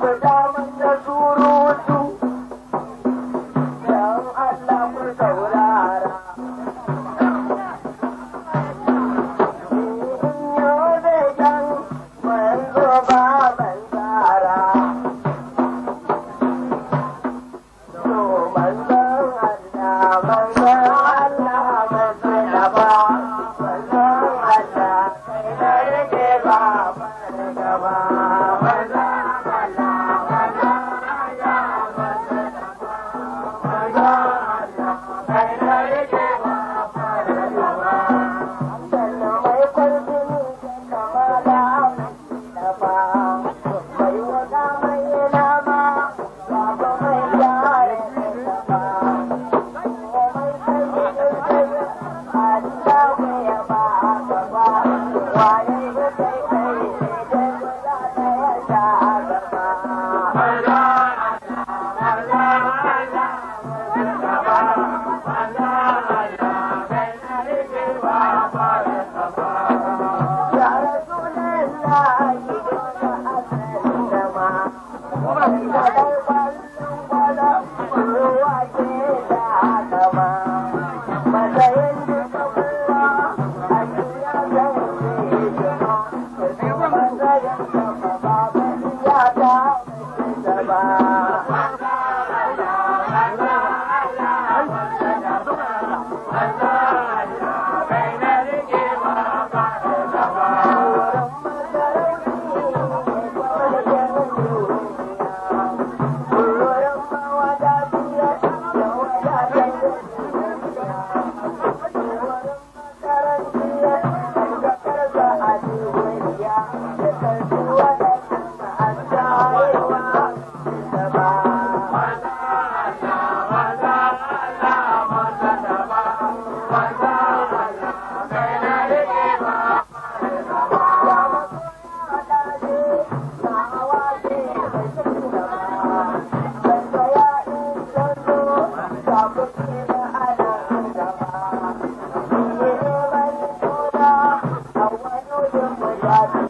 Papa. Oh my God.